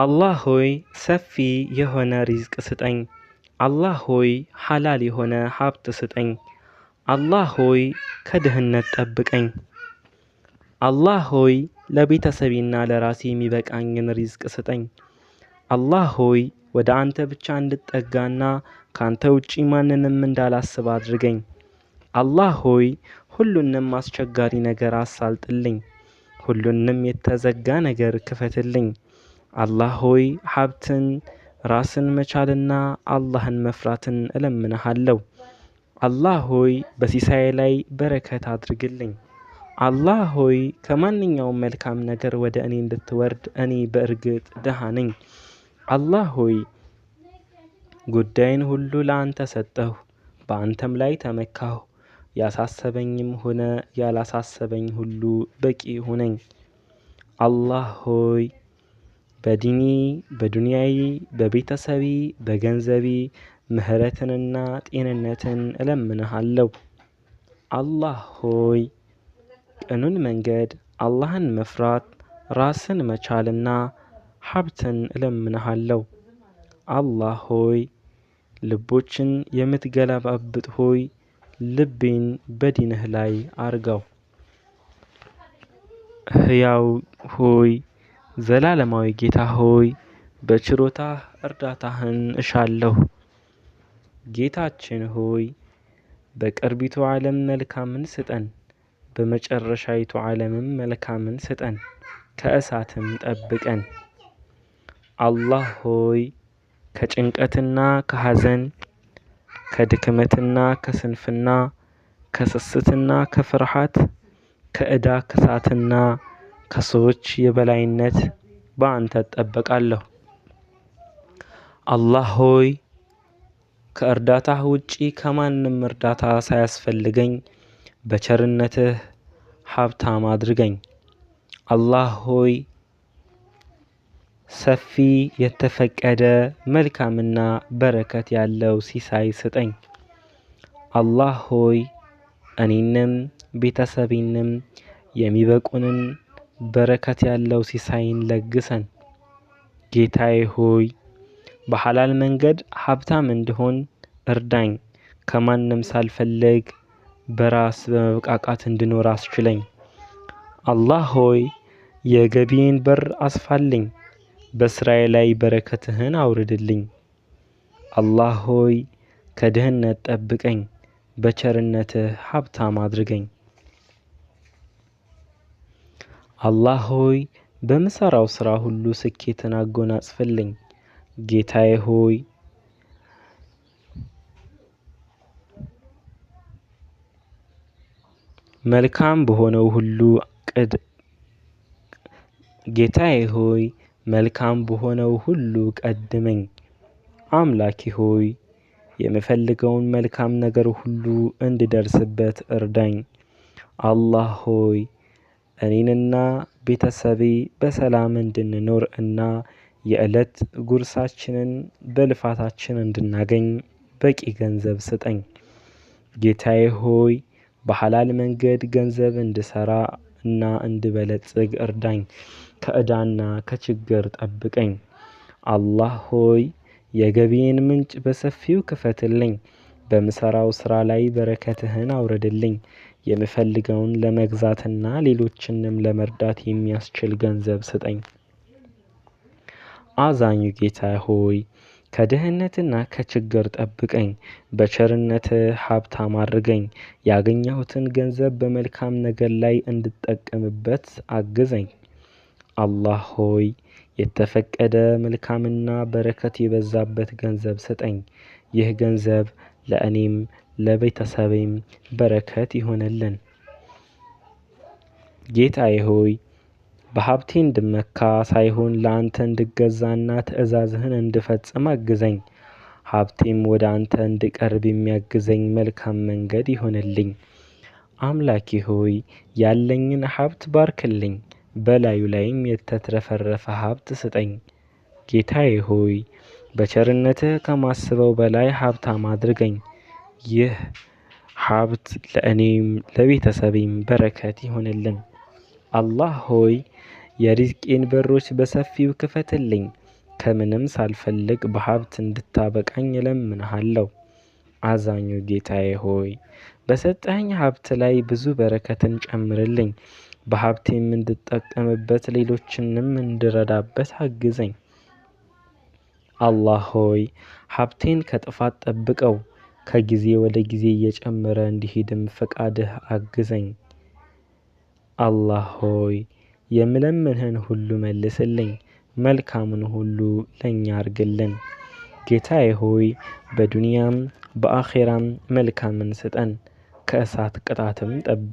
አላህ ሆይ ሰፊ የሆነ ሪዝቅ ስጠኝ። አላህ ሆይ ሐላል የሆነ ሀብት ስጠኝ። አላህ ሆይ ከድህነት ጠብቀኝ። አላህ ሆይ ለቤተሰቤና ለራሴ የሚበቃኝን ሪዝቅ ስጠኝ። አላህ ሆይ ወደ አንተ ብቻ እንድጠጋና ከአንተ ውጪ ማንንም እንዳላስብ አድርገኝ። አላህ ሆይ ሁሉንም አስቸጋሪ ነገር አሳልጥልኝ። ሁሉንም የተዘጋ ነገር ክፈትልኝ። አላህ ሆይ ሀብትን፣ ራስን መቻልና አላህን መፍራትን እለምንሃለሁ። አላህ ሆይ በሲሳዬ ላይ በረከት አድርግልኝ። አላህ ሆይ ከማንኛውም መልካም ነገር ወደ እኔ እንድትወርድ፣ እኔ በእርግጥ ድሃ ነኝ። አላህ ሆይ ጉዳይን ሁሉ ለአንተ ሰጠሁ፣ በአንተም ላይ ተመካሁ። ያሳሰበኝም ሆነ ያላሳሰበኝ ሁሉ በቂ ሁነኝ። አላህ ሆይ በዲኒ በዱንያዊ በቤተሰቢ በገንዘቢ ምህረትንና ጤንነትን እለምንሃለሁ። አላህ ሆይ ቅኑን መንገድ አላህን መፍራት ራስን መቻልና ሀብትን እለምንሃለሁ። አላህ ሆይ ልቦችን የምትገለባብጥ ሆይ ልቤን በዲንህ ላይ አርጋው። ሕያው ሆይ ዘላለማዊ ጌታ ሆይ በችሮታህ እርዳታህን እሻለሁ። ጌታችን ሆይ በቅርቢቱ ዓለም መልካምን ስጠን፣ በመጨረሻይቱ ዓለምም መልካምን ስጠን፣ ከእሳትም ጠብቀን። አላህ ሆይ ከጭንቀትና ከሐዘን ከድክመትና ከስንፍና ከስስትና ከፍርሃት ከዕዳ ከሳትና ከሰዎች የበላይነት በአንተ እጠበቃለሁ። አላህ ሆይ ከእርዳታህ ውጪ ከማንም እርዳታ ሳያስፈልገኝ በቸርነትህ ሀብታም አድርገኝ። አላህ ሆይ ሰፊ የተፈቀደ መልካምና በረከት ያለው ሲሳይ ስጠኝ። አላህ ሆይ እኔንም ቤተሰቤንም የሚበቁንን በረከት ያለው ሲሳይን ለግሰን። ጌታዬ ሆይ በሐላል መንገድ ሀብታም እንድሆን እርዳኝ። ከማንም ሳልፈልግ በራስ በመብቃቃት እንድኖር አስችለኝ። አላህ ሆይ የገቢን በር አስፋልኝ፣ በስራዬ ላይ በረከትህን አውርድልኝ። አላህ ሆይ ከድህነት ጠብቀኝ፣ በቸርነትህ ሀብታም አድርገኝ። አላህ ሆይ በምሠራው ሥራ ሁሉ ስኬትን አጎናጽፍልኝ። ጌታዬ ሆይ መልካም በሆነው ሁሉ ቅድ ጌታዬ ሆይ መልካም በሆነው ሁሉ ቀድመኝ። አምላኬ ሆይ የምፈልገውን መልካም ነገር ሁሉ እንድደርስበት እርዳኝ። አላህ ሆይ እኔንና ቤተሰቤ በሰላም እንድንኖር እና የዕለት ጉርሳችንን በልፋታችን እንድናገኝ በቂ ገንዘብ ስጠኝ። ጌታዬ ሆይ በሐላል መንገድ ገንዘብ እንድሠራ እና እንድበለጽግ እርዳኝ። ከዕዳና ከችግር ጠብቀኝ። አላህ ሆይ የገቢዬን ምንጭ በሰፊው ክፈትልኝ። በምሠራው ሥራ ላይ በረከትህን አውርድልኝ። የምፈልገውን ለመግዛትና ሌሎችንም ለመርዳት የሚያስችል ገንዘብ ስጠኝ። አዛኙ ጌታ ሆይ ከድህነትና ከችግር ጠብቀኝ። በቸርነት ሀብታም አድርገኝ። ያገኘሁትን ገንዘብ በመልካም ነገር ላይ እንድጠቀምበት አግዘኝ። አላህ ሆይ የተፈቀደ መልካምና በረከት የበዛበት ገንዘብ ስጠኝ። ይህ ገንዘብ ለእኔም ለቤተሰቤም በረከት ይሆንልን። ጌታዬ ሆይ በሀብቴ እንድመካ ሳይሆን ለአንተ እንድገዛና ትእዛዝህን እንድፈጽም አግዘኝ። ሀብቴም ወደ አንተ እንድቀርብ የሚያግዘኝ መልካም መንገድ ይሆንልኝ። አምላኬ ሆይ ያለኝን ሀብት ባርክልኝ፣ በላዩ ላይም የተትረፈረፈ ሀብት ስጠኝ። ጌታዬ ሆይ በቸርነትህ ከማስበው በላይ ሀብታም አድርገኝ። ይህ ሀብት ለእኔም ለቤተሰቤም በረከት ይሆንልን። አላህ ሆይ የሪዝቄን በሮች በሰፊው ክፈትልኝ። ከምንም ሳልፈልግ በሀብት እንድታበቃኝ እለምንሃለሁ። አዛኙ ጌታዬ ሆይ በሰጠኸኝ ሀብት ላይ ብዙ በረከትን ጨምርልኝ። በሀብቴም እንድጠቀምበት ሌሎችንም እንድረዳበት አግዘኝ። አላህ ሆይ ሀብቴን ከጥፋት ጠብቀው፣ ከጊዜ ወደ ጊዜ እየጨመረ እንዲሄድም ፈቃድህ አግዘኝ። አላህ ሆይ የምለምንህን ሁሉ መልስልኝ፣ መልካምን ሁሉ ለእኛ አርግልን። ጌታዬ ሆይ በዱንያም በአኼራም መልካምን ስጠን፣ ከእሳት ቅጣትም ጠብቅ።